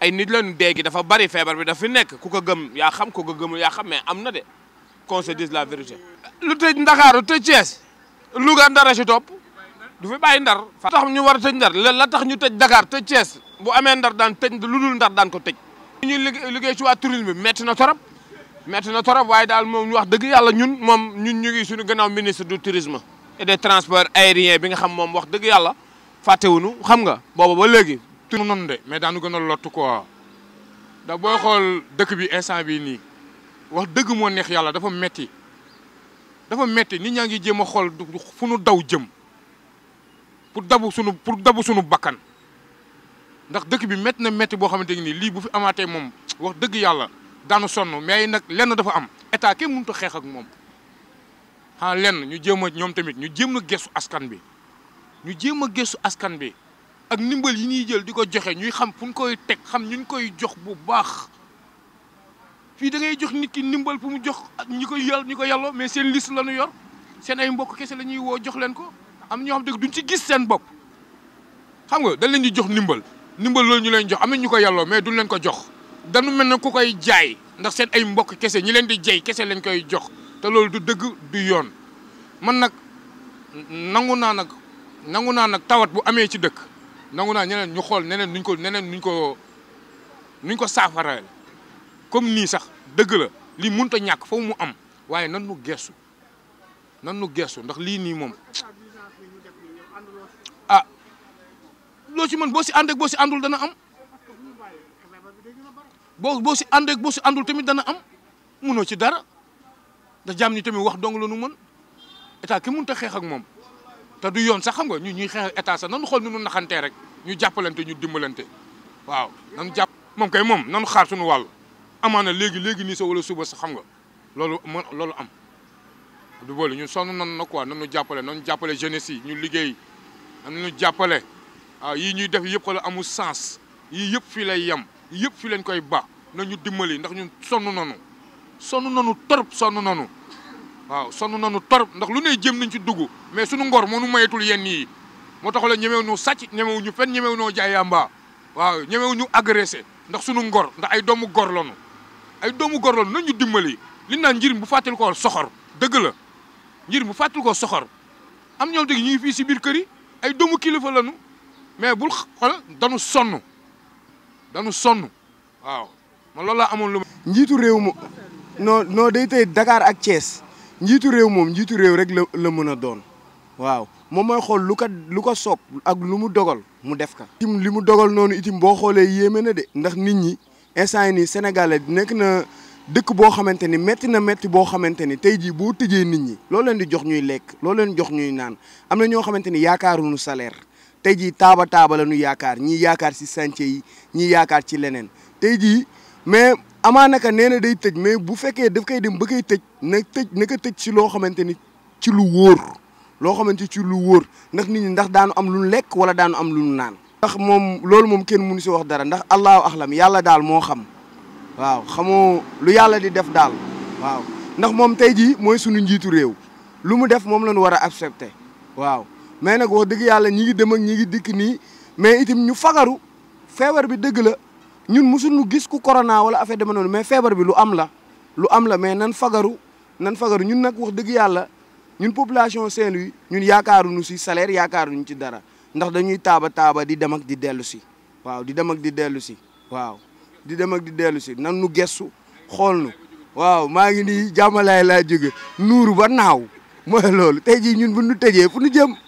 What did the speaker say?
ay nit lañu dee gi dafa bari feebar bi dafa fi nekk ku ko gëm yaa xam ku ko gëmul yaa xam mais am na de qu'on la vérité. lu tëj Ndakaaru tëj Thiès Louga ndara si topp du fi bàyyi ndar. fa tax ñu war a tëj ndar la tax ñu tëj Dakar tëj Thiès bu amee ndar daan tëj lu dul ndar daan ko tëj. ñu liggéey ci waa tourisme bi métti na torop métti na torop waaye daal moom ñu wax dëgg yàlla ñun moom ñun ñu ngi suñu gannaaw ministre du tourisme. et des transports aériens bi nga xam moom wax dëgg yàlla fàttewuñu xam nga léegi tu mu noonu de mais daanu gën a lottu quoi da boo xool dëkk bi instant bi nii wax dëgg moo neex yàlla dafa metti dafa metti nit ñaa ngi jéem a xool fu nu daw jëm pour dabu sunu pour dabu sunu bakkan ndax dëkk bi métti na métti boo xamante nii lii bu fi amaatee moom wax dëgg yàlla daanu sonn mais nag lenn dafa am état kenn mënut a xeex ak moom ah lenn ñu jéem a ñoom tamit ñu jéem a gëstu askan bi ñu jéem a gëstu askan bi. ak ndimbal yi ñuy jël di ko joxe ñuy xam fu ñu koy teg xam ñu koy jox bu baax fii da ngay jox nit ki ndimbal fu mu jox ak ñi koy yàll ñi ko yàlloo mais seen liste la ñu yor seen mbokk kese la ñuy woo jox leen ko am ñoo xam duñ ci gis seen bopp xam nga dañ leen di jox ndimbal ndimbal loolu ñu leen jox am na ñu ko yàlloo mais duñ leen ko jox dañu mel ne ku koy jaay ndax seen ay mbokk kese ñi leen di jay kese lañ koy jox te loolu du dëgg du yoon man nag nangu naa nag nangu naa nag tawat bu amee ci dëkk nangu naa ñeneen ñu xool neneen nuñ ko neneen nuñ ko nuñ ko saafaral comme nii sax dëgg la lii mënut a ñàkk foofu mu am waaye nan nu geestu nan nu geestu ndax lii nii moom ah loo ci mën boo si ànd boo si àndul dana am boo boo si ànd ak si àndul tamit dana am mënoo ci dara ndax jàmm ni tamit wax dong la nu mën état ki mënut a xeex ak moom. te du yoon sax xam nga ñu ñuy xeexal état sax nanu xool nu nu naxantee rek ñu jàppalante ñu dimbalante waaw nanu jàpp moom kay moom nanu xaar suñu wàll amaana léegi léegi nii sa wala suba sa xam nga loolu mo loolu am du boole ñu sonn nan na quoi nanu jàppale nanu jàppale jeunesse yi ñu liggéey nanu jàppale yii ñuy def yëpp xoolal amul sens yii yëpp fii lay yem yëpp fii lañ koy baax nañu dimbali ndax ñu sonn nanu sonn nanu torop sonn nanu waaw sonn nañu torop ndax lu ne jëm nañ ci dugg mais suñu ngor moo nu mayetul yenn yi moo tax la ñemew ñu sàcc ñu fen ñemew noo jaay yamba waaw ñemewu ñu agressé ndax suñu ngor ndax ay doomu gor lañu ay doomu gor lañu nañu dimbali li naan njëriñ bu fàttali ko soxor dëgg la njëriñ bu fàttali ko soxor am ñoo dëgg ñu ngi fii si biir kër yi ay doomu kilifa lañu mais bul xol dañu sonn dañu sonn waaw man loolu amoon lu. njiitu réew mu non non day tey dakaar ak Thiès. njiitu réew moom njiitu réew rek la la mën a doon waaw moom mooy xool lu ko lu ko soob ak lu mu dogal mu def ka itam li mu dogal noonu itam boo xoolee yéeme na de ndax nit ñi instant yi nii sénégalais nekk na dëkk boo xamante ni métti na métti boo xamante ni tey jii boo tëjee nit ñi loo leen di jox ñuy lekk loo leen jox ñuy naan am na ñoo xamante ni yaakaaru yaakaaruñu salaire tey jii taaba taaba la ñu yaakaar ñi yaakaar si chantier yi ñii yaakaar ci leneen tey jii mais amaana ka nee na day tëj mais bu fekkee daf koy dem ba tëj na tëj na ko tëj si loo xamante ni ci lu wóor loo xamante ci lu wóor ndax nit ñi ndax daanu am lu lekk wala daanu am lu naan. ndax moom loolu moom kenn mënu si wax dara ndax allahu axlam yàlla daal moo xam waaw xamoo lu yàlla di def daal waaw ndax moom tey jii mooy sunu njiitu réew lu mu def moom lañu war a accepté waaw mais nag wax dëgg yàlla ñi ngi dem ak ñi ngi dikk nii mais itam ñu fagaru feebar bi dëgg la. ñun mosuñu gis ku corona wala affaire dama noonu mais feebar bi lu am la lu am la mais nan fagaru nan fagaru ñun nag wax dëgg yàlla ñun population Saint-Louis ñun yaakaaruñu si salaire yaakaaruñu ci dara ndax dañuy taaba taaba di dem ak di dellu si waaw di dem ak di dellu si waaw di dem ak di dellu si nan nu gestu xool nu waaw maa ngi nii jàmmalaay laa jóge nuuru ba naaw mooy loolu tey jii ñun bu nu tëjee fu nu jëm